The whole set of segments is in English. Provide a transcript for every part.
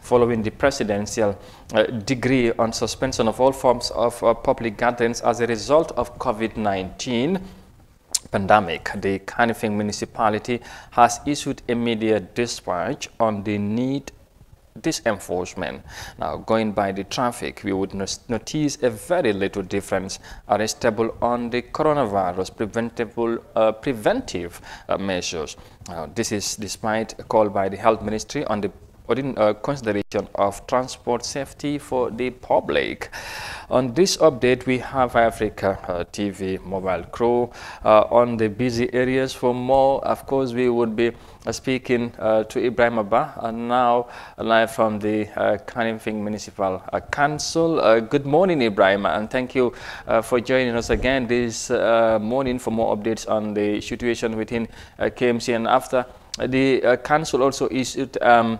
following the presidential uh, degree on suspension of all forms of uh, public gatherings as a result of COVID-19 pandemic, the Kanifing municipality has issued a media dispatch on the need this enforcement. Now, going by the traffic, we would notice a very little difference arrestable on the coronavirus preventable uh, preventive uh, measures. Now, this is despite a call by the health ministry on the in uh, consideration of transport safety for the public. On this update, we have Africa uh, TV mobile crew uh, on the busy areas. For more, of course, we would be uh, speaking uh, to Ibrahim Abba, and uh, now live from the uh, Kanifing Municipal Council. good morning, Ibrahim, and thank you for joining us again this morning for more updates on the situation within KMC. And after, the council also issued um,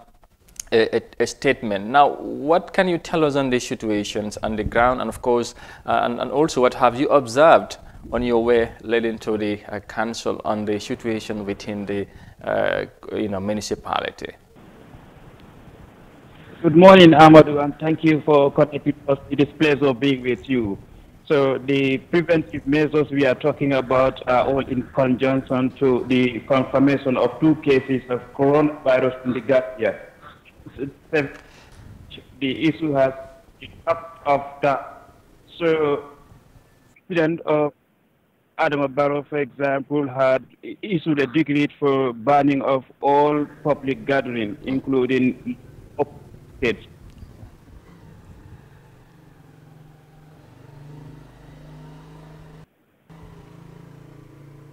a, a, statement. Now, what can you tell us on these situations on the ground, and of course, uh, and, and, also what have you observed on your way leading to the uh, council on the situation within the uh, you know municipality? Good morning, Amadou, and thank you for connecting us. It is a pleasure of being with you. So the preventive measures we are talking about are all in conjunction to the confirmation of two cases of coronavirus in the Gambia the, the issue has up of that. So, President of Adam Barrow, for example, had issued a decree for banning of all public gatherings, including kids.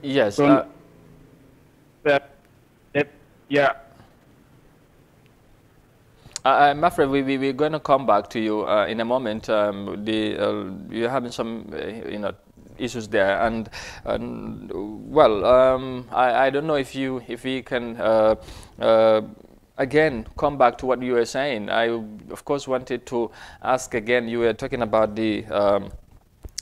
Yes. Uh, yeah. Uh, uh, I'm afraid we, we, are going to come back to you uh, in a moment. Um, the, uh, you're having some uh, you know, issues there. And, and well, um, I, I don't know if, you, if we can uh, again come back to what you were saying. I, of course, wanted to ask again, you were talking about the um,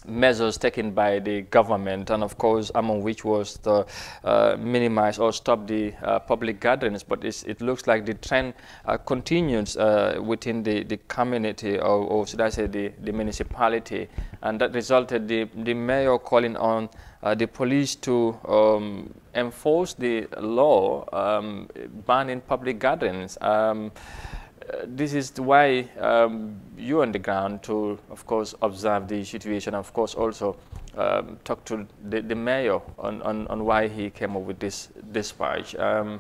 measures taken by the government, and of course, among which was to uh, minimize or stop the uh, public gatherings. But it looks like the trend uh, continues uh, within the, the community, or, or, should I say, the, the municipality, and that resulted the, the mayor calling on uh, the police to um, enforce the law um, banning public gatherings. Um, this is why um, you're on the ground to, of course, observe the situation, of course, also um, talk to the, the mayor on, on, on, why he came up with this dispatch. Um,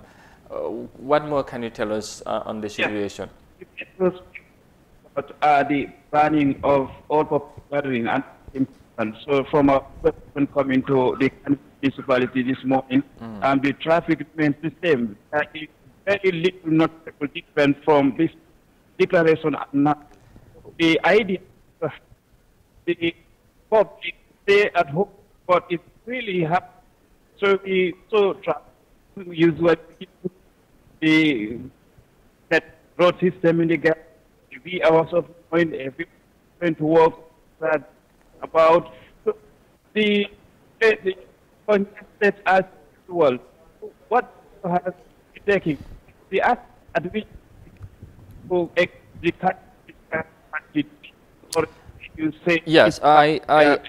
uh, what more can you tell us uh, on the situation? Yeah. But, uh, the banning of all public gathering and so from a person coming to the municipality this morning, mm. and the traffic remains the same very little not different from this declaration The idea of the public stay at home, but it really happened. So we so try to use what the that road system in the gap. We ourselves going every point to work that about so the the concept as well. What has taken? we ask to yes I I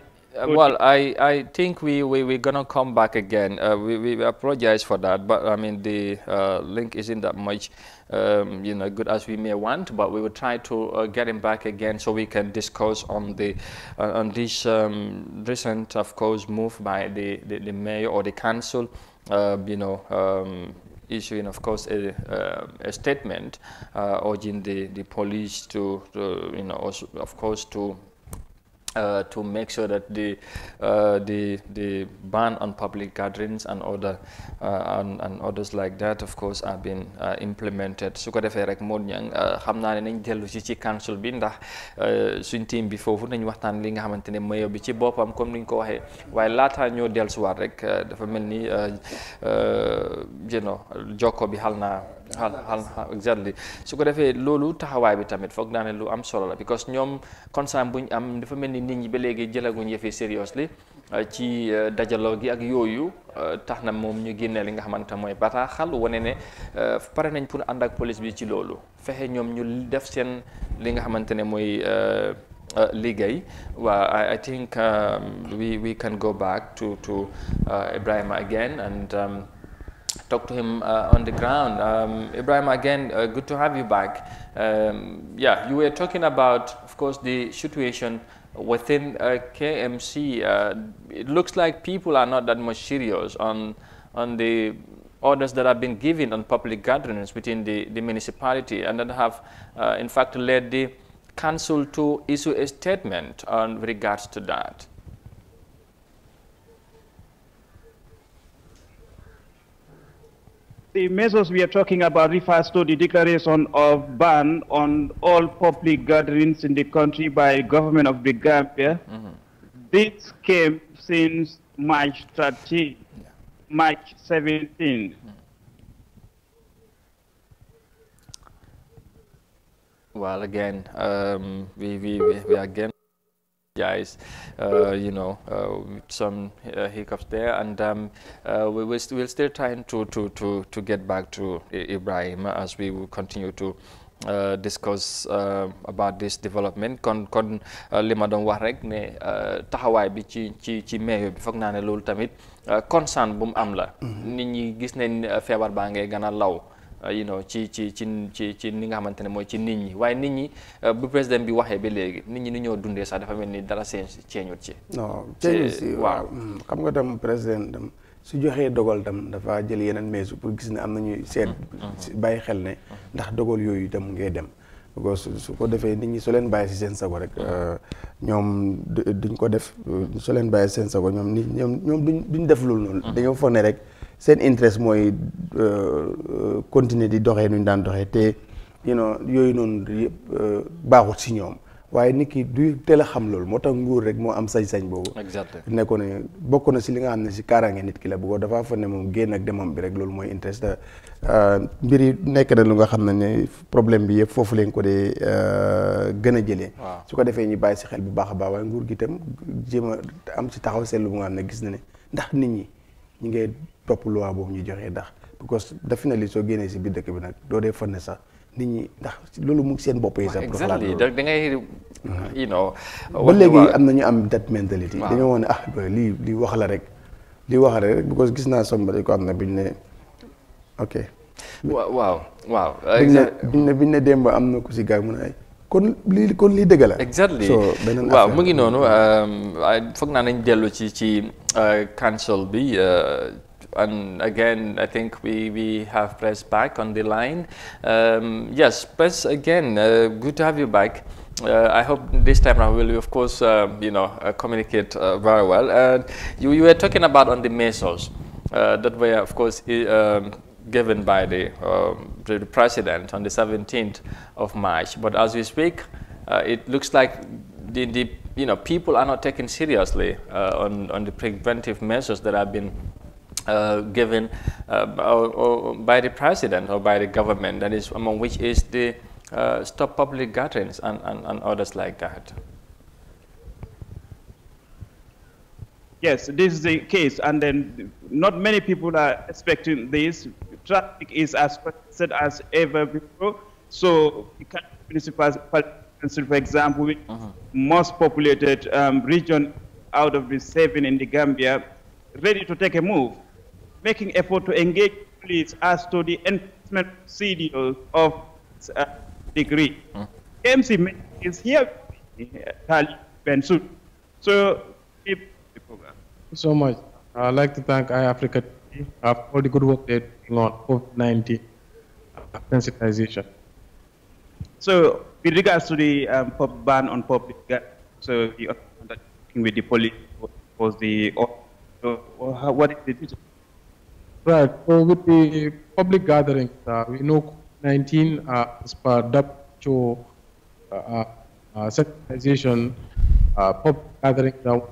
well, I, I think we, we, we're going to come back again. Uh, we, we apologize for that, but I mean, the uh, link isn't that much, um, you know, good as we may want, but we will try to uh, get him back again so we can discuss on the uh, on this um, recent, of course, move by the, the, the mayor or the council, uh, you know, um, issuing, of course, a, uh, a statement uh, urging the, the police to, to, you know, also, of course, to uh, to make sure that the uh, the the ban on public gatherings and other uh, and, and, others like that of course are being uh, implemented So, ko defee i Modou Niang uh, xam naa ne nañ dellu si ci council bi ndax uh, team before. foofu nañ waxtaan li nga xamante ne mayo bi ci boppam comme ni ñu ko waxee waaye laataa ñoo dellusiwaat rek dafa you know jokko bi xal xaal xaal exactly su ko defee loolu taxawaay bi tamit foog naa ne lu am solo la because ñoom concern bu ñu am dafa mel ni nit ñi ba léegi jëlaguñ yëfee seriously euh, ci euh, dajaloo gi ak yooyu euh, tax na moom ñu génne li nga xamante mooy bataaxal wone ne pare nañ pour ànd ak police bi ci loolu fexe ñoom ñu def seen li nga xamante ne mooy liggéey waa I think um, we can go back to to uh, Ibrahima again and um, talk to him uh, on the ground. Um, Ibrahim, again, uh, good to have you back. Um, yeah, you were talking about, of course, the situation within uh, KMC. Uh, it looks like people are not that much serious on on the orders that have been given on public gatherings within the, the municipality and that have, uh, in fact, led the council to issue a statement on regards to that. the measures we are talking about refers to the declaration of ban on all public gatherings in the country by government of the Gambia. Mm -hmm. This came since March 13, yeah. March 17. Well, again, um, we, we, we, we again. guys, uh, you uh, some uh, hiccups there, and um, we will st we're to get back to Ibrahim as we will continue to. discuss about this development kon kon li ma doon wax rek ne taxawaay bi ci ci ci meeyo bi foog naa ne loolu tamit concern bu mu am la mm-hmm. nit ñi gis nañ feebar baa ngay gën a law Euh, you know ci ci ci ci ci ni nga xamante ne mooy ci nit ñi waaye nit ñi euh, bu président bi waxee ba léegi nit ñi ni ñoo dundee sax dafa mel ni dara seen ceeñut ci non ceeñut si waaw mm, xam nga tam président tam su joxee dogal tam dafa jël yeneen meesu pour gis ne am na nañuy seet mm, mm, bàyyi xel ne ndax dogal yooyu itam ngay dem su ko defee nit ñi su leen bàyyi seen sago rek euh, ñoom duñ ko def su leen bàyyi seen sago ñoom nit ñoom ñoom duñ duñ def loolu noonu dañoo foog ne rek seen interest mooy euh, euh, continuer di doxee nu ñu daan doxee te you yooyu noonu yëpp euh, baaxut si ñoom waaye nit ki du teel a xam loolu moo tax nguur rek moo am sañ-sañ boobu. exactement ne ko ne bokk si li nga xam ne si kaaraange nit ki la bu ko dafa fa ne moom génn ak demam bi rek loolu mooy interest mbir yi nekk na lu nga xam ne ne problème bi yëpp foofu leen ko dee gën a jëlee. su ko defee ñi bàyyi si xel bu baax a baax waaye nguur gi itam jéem a am si taxaw seetlu bu nga xam ne gis na ne ndax nit ñi ñu ngi top loi boobu ñu joxee ndax because definitely so génnee ci bi dëkk bi nak do dee fan sax nit ñi ndax lolu mu seen bopp yi sax pour da ngay you know ba légui am nañu am that mentality dañu wone ah li li wax la rek li wax la rek because gis naa somebody ko am na biñ né ok waaw waaw biñ né biñ ne démb am na ku ci gaay mu ay kon li kon lii dëgg la. exactly waaw mu ngi euh foog na nañ delu ci ci uh, council bi uh, and again, I think we, we have pressed back on the line. Um, yes, Press, again, uh, good to have you back. Uh, I hope this time around will, of course, uh, you know, uh, communicate uh, very well. And you, you were talking about on the measures uh, that were, of course, um, given by the, um, the president on the 17th of March. But as we speak, it looks like the, the you know people are not taken seriously on on the preventive measures that have been uh, given uh, or, or by the president or by the government, that is among which is the uh, stop public gatherings and, and, and, others like that. Yes, this is the case, and then not many people are expecting this. Traffic is as congested as ever before, so municipalities, for example, uh -huh. most populated um, region out of the seven in the Gambia, ready to take a move making effort to engage police as to the enforcement procedures of uh, degree. Mm. is here, So, if the program. so much. I'd like to thank iAfrica uh, for the good work they did on COVID-19 uh, sensitization. So, with regards to the um, ban on public, so the with the police was the. what is the Right. So with the public gatherings, uh, we know 19 uh, as per WHO uh, uh, uh, public gatherings that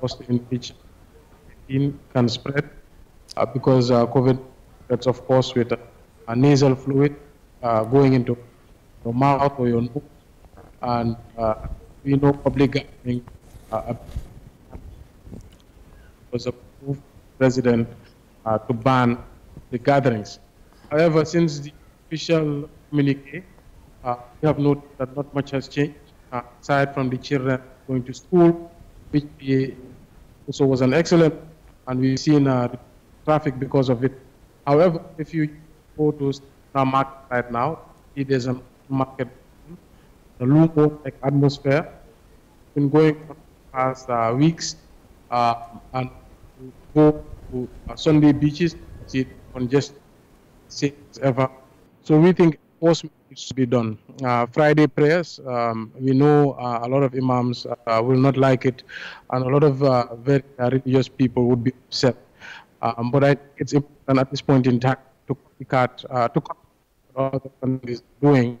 was in which can spread uh, because uh, COVID That's of course, with a nasal fluid uh, going into your mouth or your nose. And uh, we know public gatherings was approved president uh, to ban the gatherings. However, since the official communique, uh, we have noted that not much has changed, uh, aside from the children going to school, which also was an excellent, and we've seen uh, traffic because of it. However, if you go to the market right now, it is a market, the lukewarm like atmosphere, been going on past uh, weeks, uh, and go to Sunday beaches it on just six ever. So we think enforcement needs to be done. Uh, Friday prayers, um, we know uh, a lot of imams uh, will not like it, and a lot of uh, very religious people would be upset. Um, but I, it's important at this point in time to cut uh, to cut what other countries are doing,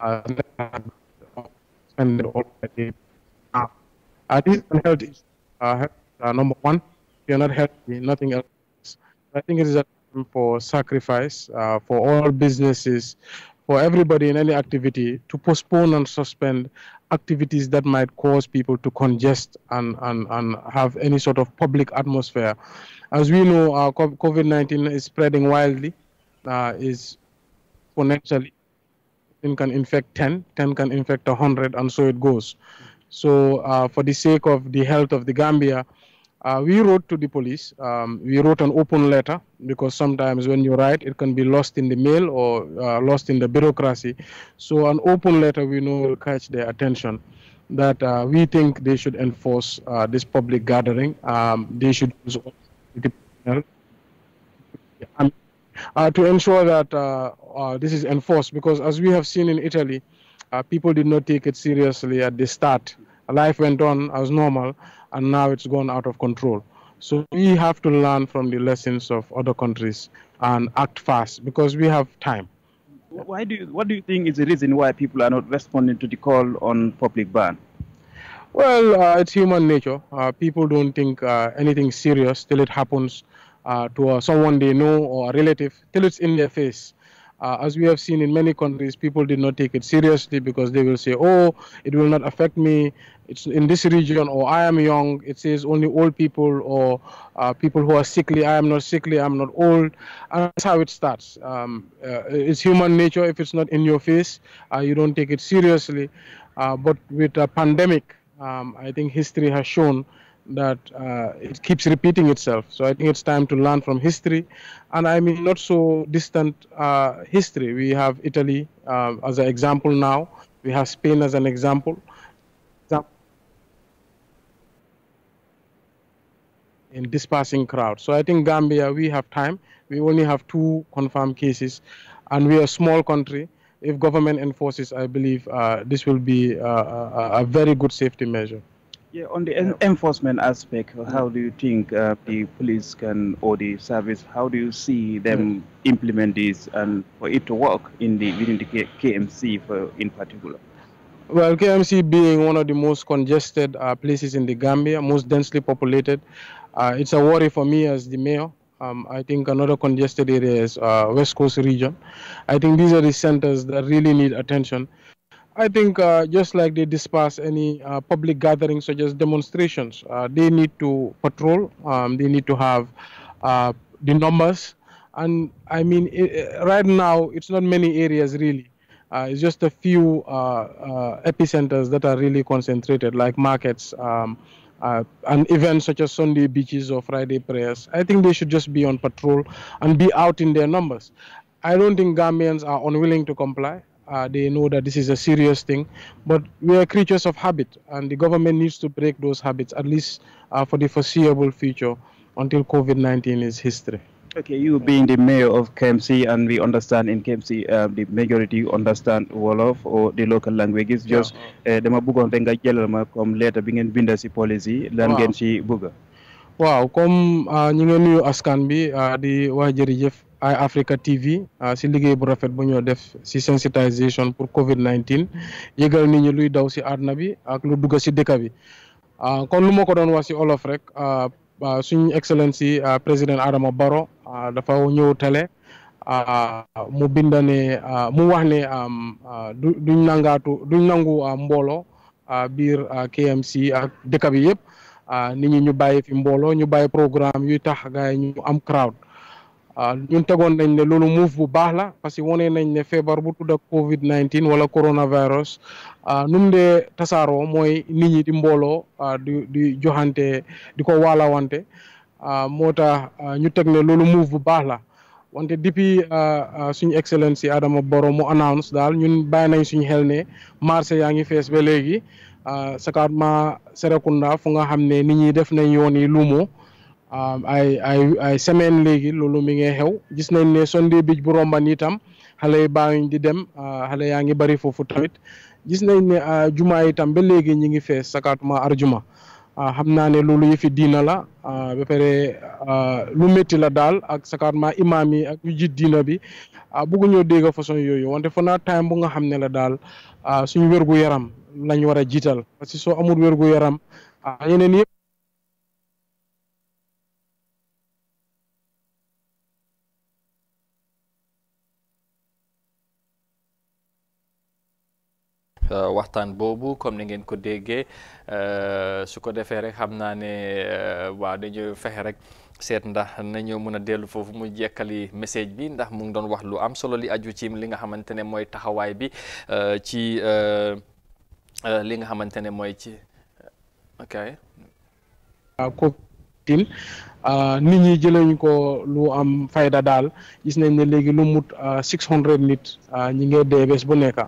and uh, all that they Uh, this is health issue. Uh, number one, you're not healthy, nothing else. I think it is a time for sacrifice uh, for all businesses, for everybody in any activity to postpone and suspend activities that might cause people to congest and, and, and have any sort of public atmosphere. As we know, uh, COVID 19 is spreading wildly, uh, is exponentially. can infect 10, 10 can infect 100, and so it goes. So, uh, for the sake of the health of the Gambia, uh, we wrote to the police. Um, we wrote an open letter because sometimes when you write, it can be lost in the mail or uh, lost in the bureaucracy. So an open letter we know will catch their attention that uh, we think they should enforce uh, this public gathering. Um, they should use uh, to ensure that uh, this is enforced because as we have seen in Italy, people did not take it seriously at the start. Life went on as normal and now it's gone out of control. So we have to learn from the lessons of other countries and act fast because we have time. Why do you, what do you think is the reason why people are not responding to the call on public ban? Well, uh, it's human nature. Uh, people don't think uh, anything serious till it happens uh, to uh, someone they know or a relative, till it's in their face. Uh, as we have seen in many countries, people did not take it seriously because they will say, oh, it will not affect me. It's in this region, or I am young. It says only old people or uh, people who are sickly. I am not sickly. I'm not old. And that's how it starts. Um, uh, it's human nature. If it's not in your face, uh, you don't take it seriously. Uh, but with a pandemic, um, I think history has shown that uh, it keeps repeating itself. So I think it's time to learn from history, and I mean not so distant uh, history. We have Italy uh, as an example now. We have Spain as an example. In dispersing crowd. So I think Gambia, we have time. We only have two confirmed cases, and we are a small country if government enforces, I believe uh, this will be uh, a, a, very good safety measure. Yeah, on the en enforcement aspect, how do you think uh, the police can or the service? How do you see them implement this and for it to work in the within the K KMC for, in particular? Well, KMC being one of the most congested uh, places in the Gambia, most densely populated, uh, it's a worry for me as the mayor. Um, I think another congested area is uh, West Coast region. I think these are the centers that really need attention I think uh, just like they disperse any uh, public gatherings such as demonstrations, uh, they need to patrol. Um, they need to have uh, the numbers, and I mean, it, right now it's not many areas really. Uh, it's just a few uh, epicenters that are really concentrated, like markets um, and events such as Sunday beaches or Friday prayers. I think they should just be on patrol and be out in their numbers. I don't think Gambians are unwilling to comply. Uh, they know that this is a serious thing. But we are creatures of habit, and the government needs to break those habits, at least uh, for the foreseeable future, until COVID 19 is history. Okay, you being the mayor of KMC, and we understand in KMC uh, the majority understand Wolof or the local languages. Just uh, dama bëggoon rek nga come later comme lettre bi policy lan ngeen Wow, bëgg. waaw comme askanbi uh, ngi nuyu askan uh, di wax jërëjëf Eye Africa TV ah, si liggéey bu rafet bu ñoo def si sensitisation pour Covid 19 yëgal nit ñi luy daw si àdduna bi ak lu dugg si dëkk bi ah, kon lu ma ko doon wax si olof rek ah, suñ excellence yi président Adama Barrow dafa ñëw mu bind mu wax ne duñ nangaatu duñ nangu mbooloo biir KMC ak dëkk bi yëpp nit ñi ñu bàyyi fi mbooloo ñu bàyyi programme yuy tax gaay ñu am crowd. Ah, ñun tegoon nañ ne loolu move bu baax la parce que wane nañ ne feebar bu tudd ak Covid 19 wala coronavirus ah, nu mu dee tasaaroo mooy nit ñi di mbooloo ah, di di joxante di ko waalawante moo tax ñu teg loolu move bu baax la. wante depuis suñu excellence yi Adama Barrow mu announce daal ñun bàyyi nañ suñu xel ne marché yaa ngi fees ba léegi Sakaat ma Serekunda fu nga xam ne nit ñi def nañ yoon yi luumo Um, ay ay ay semaine léegi loolu mi ngi xew gis nañ ne Sunday Beach bu romban itam xale yi baa di dem uh, xale yaa ngi bari foofu tamit gis nañ ne uh, juma yitam ba léegi ñi ngi fees sakaatuma arjuma uh, xam naa ne loolu yëfi diina la ba lu métti la daal ak sakaatuma imaam yi ak ñu jiit diina bi bëgguñoo dégg façon yooyu wante fa naa time bu nga xam ne la daal suñu wérgu yaram lañ war a jiital parce que soo amul wérgu yaram yeneen yëpp Euh, waxtaan boobu comme ni ngeen ko déggee euh, su ko defee rek xam naa ne euh, waa dañuy fexe rek seet ndax nañu mën a dellu foofu mu jekkali message bi ndax mu ngi doon wax lu am solo li aju ci li nga xamante ne mooy taxawaay bi ci li nga xamante ne mooy ci ok ah, covid ah, nit ñi jëlañu ko lu am fayda daal gis nañ ne léegi lu mut ah, six hundred nit ñi ngee dee bés bu nekka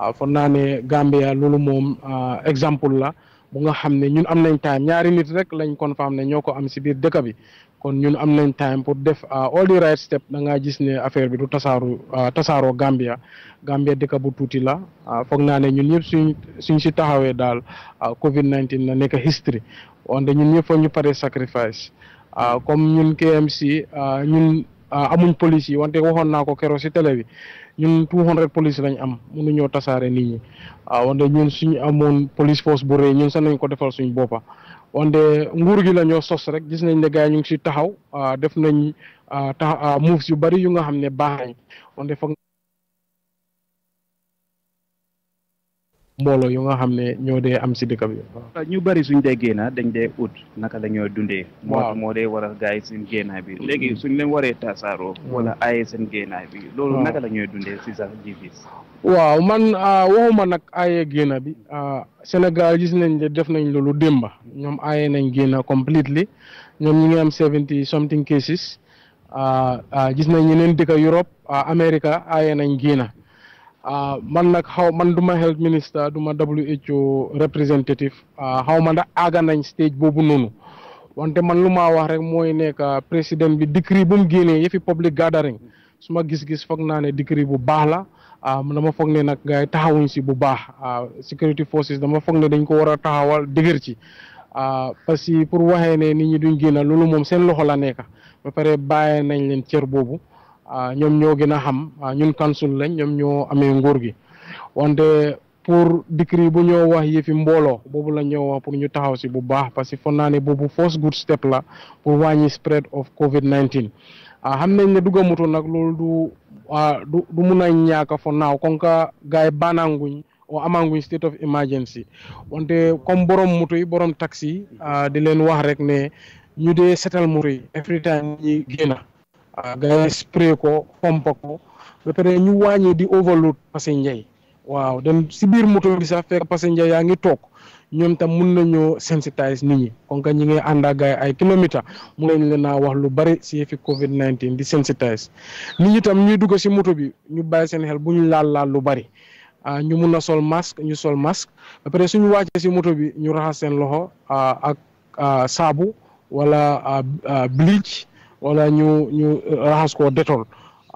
waaw foog naa ne Gambia loolu moom euh, exemple la bu nga xam ne ñun am nañ time ñaari nit rek lañ confirm ne ñoo ko am si biir dëkk bi kon ñun am nañ time pour def euh, all the right step da ngaa gis ne affaire bi du tasaaru euh, tasaaroo Gambia Gambia dëkk bu tuuti la foog naa ne ñun ñëpp suñ suñ si taxawee daal Covid 19 na nekk history wante ñun ñëpp foog ñu pare sacrifice comme ñun KMC ñun. Ah, amuñ police yi wante waxoon naa ko keroog si télé bi ñun two hundred police lañ am mënuñoo tasaare nit ñi waaw ah, wante ñun suñu amoon police force bu rëy ñun sax nañ ko defal suñ boppa wante nguur gi la ñoo sos rek gis nañ ne gars yi ñu ngi si taxaw ah, def nañ tax moves yu bari yu nga xam ne baax nañ wante foog mbooloo yu nga xam ne ñoo dee am si dëkk bi ñu bari suñ dee génna dañ dee ut naka la ñoo dundee moo moo dee waral gars yi seen génnaay bi léegi mm-hmm. suñ leen waree tasaaroo mm-hmm. wala aaye seen génnaay bi loolu naka la ñooy dundee si sax jivis waaw man ah, waxuma nag aaye génna bi ah, Sénégal gis nañ ne def nañ loolu démba ñoom aaye nañ génna completely ñoom ñu ngi am seventy something cases ah, gis nañ ñeneen dëkk Europe America aye nañ génna Uh, man nak xaw man duma health minister duma WHO representative ah uh, xaw man aga nañ stage bobu nonu wante man luma wax rek moy nek president bi decree bu mu gene yefi public gathering suma gis-gis foog naa ne bu bax la ah, man dama foog ne nak gay taxawuñ si bu ah, security forces dama foog ne dañ ko wara taxawal dëgër ci ah, parce que pour waxé né nit ñi duñu génn lolu mom seen loxo la nek ba paré nañ leen cër bobu Ah, ñom ñoo gëna xam ah, ñun kansul lañ ñom ñoo amé nguur gi wante pour dikri bu ñoo wax yëfi mbolo bobu la ñoo wax pour ñu taxaw si bu baax parce que fon naa ne good step la pour wañi spread of covid 19 ah, xam nañ ne dugamutu nak loolu du du du mun a ñaaka fo kon ka gaay yi o amanguñ state of emergency wante comme borom moto borom taxi di leen wax rek ne ñu dee setal every time ñi gëna Gaya spray ko pompe ko ba pare ñu wañi di overload passé ñay waaw dem ci biir moto bi sax fekk passenger yaa ngi tok ñom tam mën nañu sensitize nit ñi kon ka ñi ngi ànd ak gaay ay kilomita mu leen na wax lu bari ci fi covid 19 di sensitize nit ñi tam ñuy dugg si moto bi ñu bay seen xel bu ñu laal laal lu bari ah, ñu mëna sol mask ñu sol masque pare suñu si moto bi ñu raxas seen loxo ah, ak ah, sabu wala bleach wala ñu ñu euh, raxas koo détol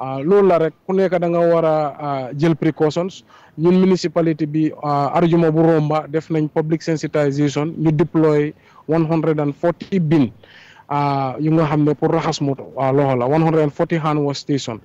ah, loolu la rek ku nekk da nga war a jël précautions ñun municipalité bi arjuma bu romba def nañ public sensitisation ñu déploy one hundred and forty bin ñu nga xam ne pour raxas moto loxo la one hundred and forty hand wash station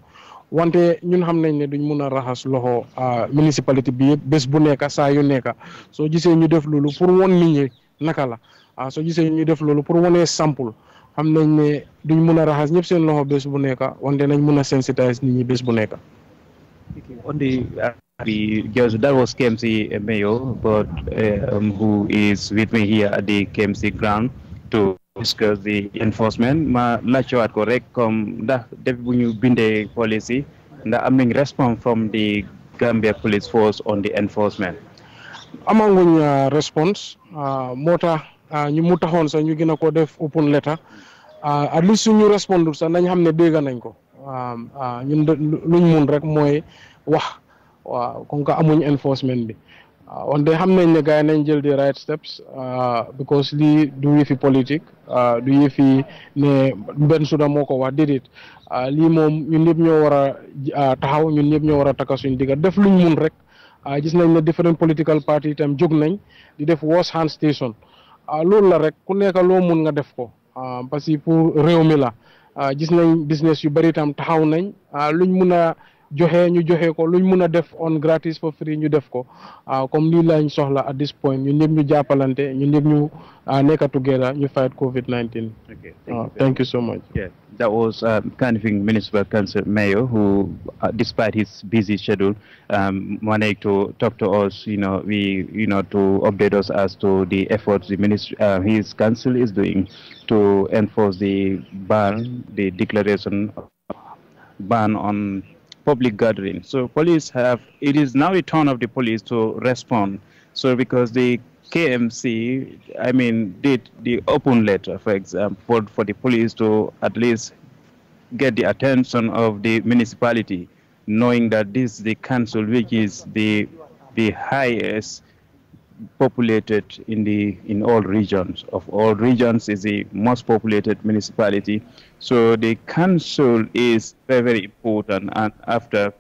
wante ñun xam nañ ne duñ mun a raxas loxo municipalité bi yëpp bés bu nekk saa yu nekk soo gisee ñu def loolu pour won nit naka la ah, soo gisee ñu def loolu pour wonee sampul xam nañ ne duñ mun a raxas ñëpp seen loxo bés bu nekk wante nañ mun a sensitize nit ñi bés bu nekk. on uh, the the just that was KMC mayor, but um, who is with me here at the KMC ground to discuss the enforcement. ma laajtewaat ko correct? comme ndax def bu ñu bindee police yi ndax am response from the Gambia Police Force on the enforcement. amaguñ uh, response uh, moo tax. Ah, ñu mu taxoon sax ñu gën a ko def open letter ah, at least suñu respondre sax nañ xam ne dégga nañ ko um, ah, ñun luñ mun rek mooy wax waaw kon ko amuñ enforcement bi wante xam nañ ne gars yi nañ jël di right steps because lii du yëfi politique du yëfi ne benn suda moo ko wax déedéet lii moom ñu ñëpp ñoo war a taxaw ñun ñëpp ñoo war a takka suñ digga def luñ mun rek gis nañ ne different political party itam jóg nañ di def worse hand station ah loolu la rek ku nekk loo mun nga def ko ah, parce que pour réew mi la ah, gis nañ business yu bëri tam taxaw nañ ah, luñ mun a joxe ñu joxe ko luñ mun a def on gratis for free ñu def ko ah, comme lii lañ soxla at this point ñun ñëpp ñu jàppalante ñun ñëpp ñu ah, nekk together ñu fight COVID-19. Okay, thank, uh, you thank you so much. Yeah, that was um, Kanifing Municipal Council Mayor who, uh, despite his busy schedule, um, managed to talk to us. You know, we you know to update us as to the efforts the ministry, uh, his council is doing to enforce the ban, the declaration ban on public gathering. So police have, it is now a turn of the police to respond. So because the KMC, I mean, did the open letter, for example, for the police to at least get the attention of the municipality, knowing that this is the council which is the the highest populated in the in all regions of all regions is the most populated municipality so the council is very very important and after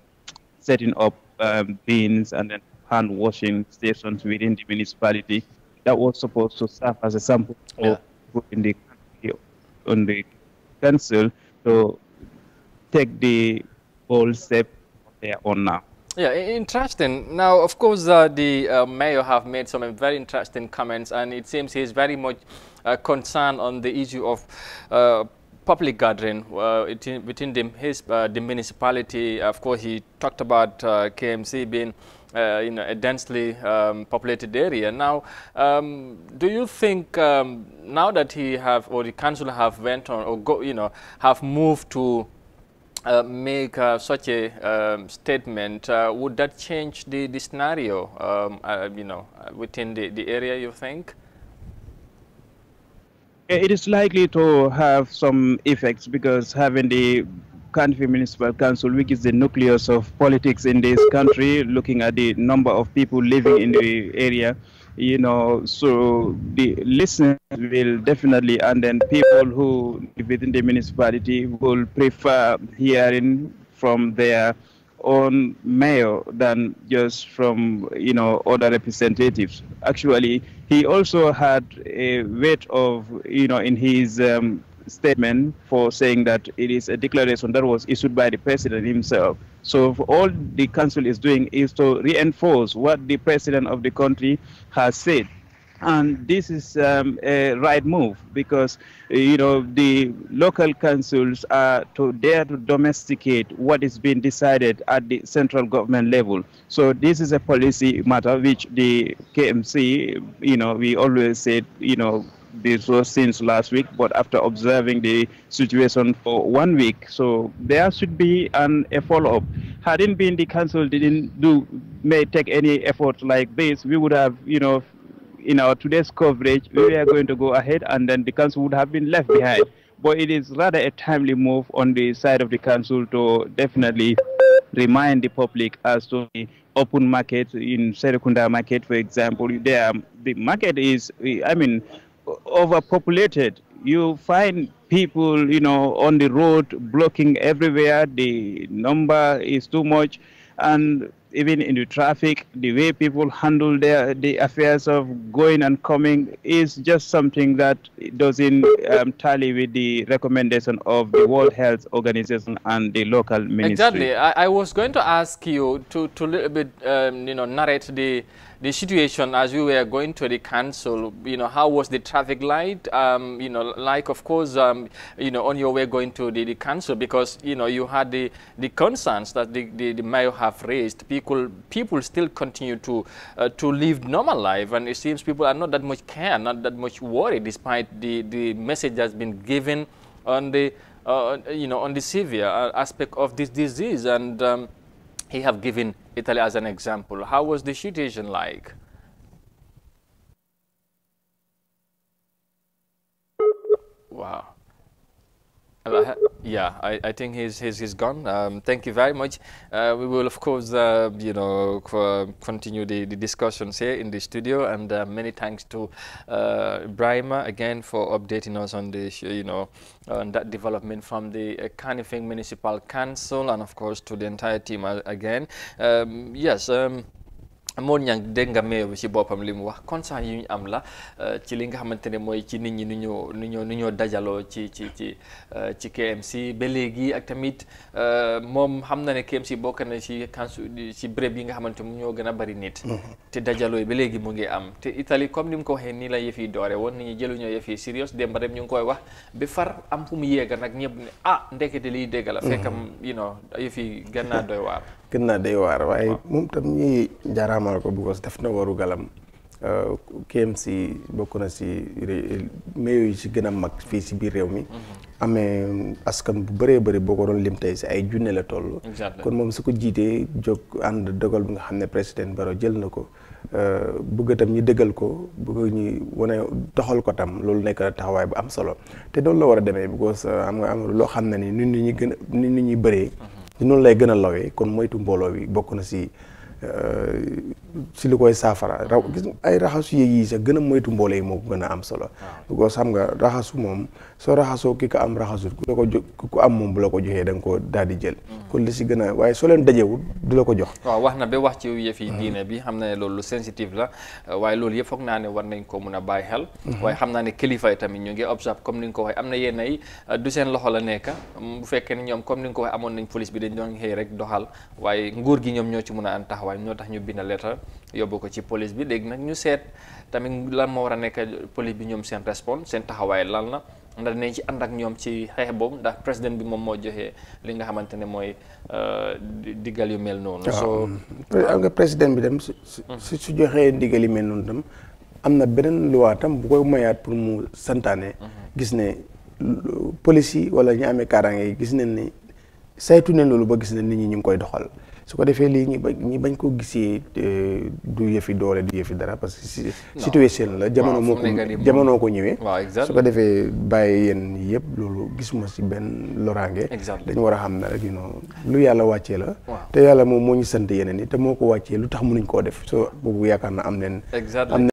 setting up um, bins and then hand washing stations within the municipality that was supposed to serve as a sample yeah. in the on the council to take the whole step on their own now yeah, interesting. Now, of course, uh, the uh, mayor have made some uh, very interesting comments, and it seems he's very much uh, concerned on the issue of uh, public gathering between, uh, between the, his, the municipality. Of course, he talked about KMC being you know, a densely um, populated area. Now, um, do you think um, now that he have or the council have went on or go, you know, have moved to uh, make uh, such a um, statement, uh, would that change the, the scenario, um, uh, you know, uh, within the, the area you think? It is likely to have some effects because having the country municipal council, which is the nucleus of politics in this country, looking at the number of people living in the area, you know so the listeners will definitely and then people who within the municipality will prefer hearing from their own mayor than just from you know other representatives actually he also had a weight of you know in his um, statement for saying that it is a declaration that was issued by the president himself. So all the council is doing is to reinforce what the president of the country has said. And this is um, a right move because you know the local councils are to dare to domesticate what is being decided at the central government level. So this is a policy matter which the KMC, you know, we always said, you know, this was since last week, but after observing the situation for one week, so there should be an a follow-up. Hadn't been the council didn't do may take any effort like this, we would have you know in our today's coverage we are going to go ahead and then the council would have been left behind. But it is rather a timely move on the side of the council to definitely remind the public as to the open market in Serekunda market, for example. There, the market is, I mean, overpopulated. You find people, you know, on the road blocking everywhere. The number is too much, and even in the traffic, the way people handle their the affairs of going and coming is just something that doesn't um, tally with the recommendation of the World Health Organization and the local ministry. Exactly. I, I was going to ask you to to little bit um, you know narrate the the situation as we were going to the council, you know, how was the traffic light, um, you know, like, of course, um, you know, on your way going to the, the council because, you know, you had the, the concerns that the, the, the mayor have raised. People, people still continue to, uh, to live normal life and it seems people are not that much care, not that much worried despite the, the message that's been given on the, uh, you know, on the severe uh, aspect of this disease. And, um, he have given Italy as an example. How was the situation like? Wow. Yeah, I, I, think he's, he's, he's gone. Um, thank you very much. Uh, we will, of course, uh, you know, continue the, the discussions here in the studio. And uh, many thanks to uh, Brahima again for updating us on this, uh, you know, on that development from the uh, Kanifing Municipal Council and, of course, to the entire team again. Um, yes. Um, moon ñang dégg nga mayor bi boppam li mu wax constat yu ñu am la euh, ci li nga xamante ne mooy ci nit ñi nu ñoo nu ñoo nu ñoo dajaloo ci ci ci euh, ci KMC ba léegi ak tamit euh, moom xam na ne KMC bokk na ci kansu ci béréb yi nga xamante mu ñoo gën a bari nit mm-hmm. te dajaloo yi ba léegi mu ngi am te Italie comme ni mu ko waxee nii la yëf yi doore woon nit ñi jëluñoo yëf yi sérieux dem ba dem ñu ngi koy wax ba far am fu mu yéega nag ñëpp ne ah ndekete liy dégg la mm-hmm. fekkam you know yëf yi gën naa doy waar gën naa day waar waaye moom tam ñi jaaraamal ko because def na waru galam si euh, bokk na si mayo yi si gën a mag fii si biir réew mi mm-hmm. amee askan bu bëree bëri boo ko doon lim tey si ay junne la toll kon moom su ko jiitee jog ànd dogal bi nga xam ne président Barrow jël na ko euh, bëgg tam ñu dëggal ko bëgg ñu wane doxal ko tam loolu nekk taxawaay bu am solo te doolu la war a demee because euh, am nga am loo xam ne ni nit ñi gën a nit bëree mm-hmm. noonu lay gën a lawee kon moytu mbooloo bi bokk na si si euh, lu koy saafara raw ay raxasu yeeg yi sax gën a moytu mboole yi moo gën a am solo. waaw xam nga raxasu moom soo raxasoo ki ko am raxasut ku la ko jo ku am moom bu la ko joxee da nga daal di jël. Hmm. kon li si gën a waaye soo leen dajewul du la ko jox. waaw wax na ba wax ci yëf yi hmm. diine bi xam na ne loolu la euh, waaye loolu yëpp foog naa ne war nañ ko mun a bàyyi xel. Hmm. waaye xam naa ne kilifa yi tamit ñu ngi observe comme ni nga ko waxee am na yenn yi euh, du seen loxo la nekk bu fekkee ne ñoom comme ni nga ko waxee amoon nañ police bi dañ doon xëy rek doxal waaye nguur gi ñoom ñoo ci mun a an taxaw taxawaay ñoo tax ñu bind lettre yóbbu ko ci police bi léegi nag ñu seet tamit lan moo war a nekk police bi ñoom seen response seen taxawaay lan la ndax dinañ ci ànd ak ñoom ci xeex boobu ndax président bi moom moo joxe li nga xamante ne mooy euh, diggal yu mel noonu. soo euh, am nga président bi tam su hmm. su su joxee diggal yu mel noonu tam am na beneen loi tam bu koy mayaat pour mu santaane. Hmm. gis ne police yi wala ñu amee kaaraange yi gis nañ ni saytu ne loolu ba gis ne nit ñi ñu ngi koy doxal. su ko defee lii ñu bañ ñu bañ koo gisee du yëfi doole du yëfi dara parce que situation la jamono moo ko ko ñëwee su ko defee bàyyi yéen yëpp loolu gisuma si benn loraange dañu war a xam ne rek you know lu yàlla wàccee la te yàlla moom moo ñu sant yeneen yi te moo ko wàccee lu tax mënuñ koo def soo boobu yaakaar na am leen am